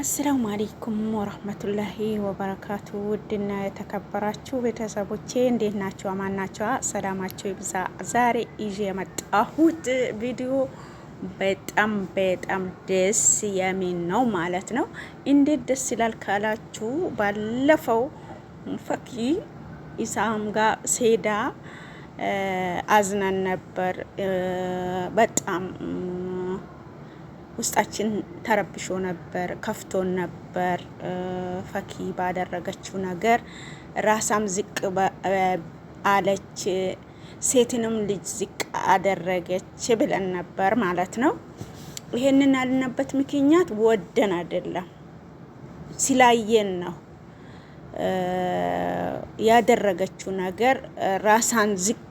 አሰላሙ አለይኩም ወረህመቱላሂ ወበረካቱ። ውድና የተከበራችሁ ቤተሰቦቼ እንዴት ናችሁ? አማን ናችሁ? ሰላማችሁ ይብዛ። ዛሬ ይዤ የመጣሁት ቪዲዮ በጣም በጣም ደስ የሚል ነው ማለት ነው። እንዴት ደስ ይላል ካላችሁ ባለፈው ፈኪ ኢሳም ጋር ሴዳ አዝነን ነበር በጣም ውስጣችን ተረብሾ ነበር፣ ከፍቶን ነበር። ፈኪ ባደረገችው ነገር ራሳም ዝቅ አለች፣ ሴትንም ልጅ ዝቅ አደረገች ብለን ነበር ማለት ነው። ይሄንን ያልንበት ምክንያት ወደን አይደለም ስላየን ነው። ያደረገችው ነገር ራሳን ዝቅ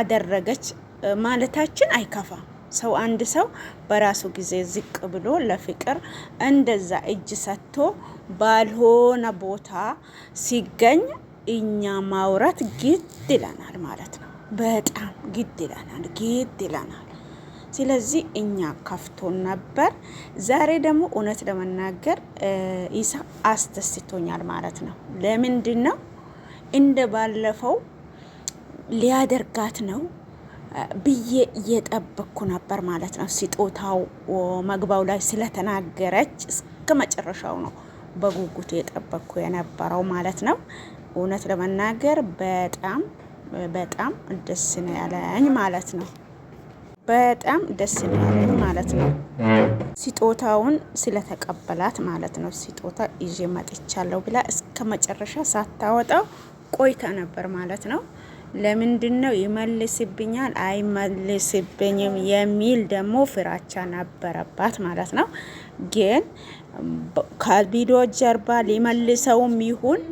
አደረገች ማለታችን አይከፋም። ሰው አንድ ሰው በራሱ ጊዜ ዝቅ ብሎ ለፍቅር እንደዛ እጅ ሰጥቶ ባልሆነ ቦታ ሲገኝ እኛ ማውራት ግድ ይለናል ማለት ነው። በጣም ግድ ይለናል፣ ግድ ይለናል። ስለዚህ እኛ ከፍቶን ነበር። ዛሬ ደግሞ እውነት ለመናገር ኢሳ አስደስቶኛል ማለት ነው። ለምንድን ነው እንደ ባለፈው ሊያደርጋት ነው ብዬ እየጠበቅኩ ነበር ማለት ነው። ስጦታው መግባው ላይ ስለተናገረች እስከ መጨረሻው ነው በጉጉቱ የጠበቅኩ የነበረው ማለት ነው። እውነት ለመናገር በጣም በጣም ደስ ነው ያለኝ ማለት ነው። በጣም ደስ ነው ያለኝ ማለት ነው። ስጦታውን ስለተቀበላት ማለት ነው። ስጦታ ይዤ መጥቻለሁ ብላ እስከ መጨረሻ ሳታወጣው ቆይታ ነበር ማለት ነው። ለምንድን ነው ይመልስብኛል አይመልስብኝም የሚል ደግሞ ፍራቻ ነበረባት ማለት ነው። ግን ከቪዲዮ ጀርባ ሊመልሰውም ይሁን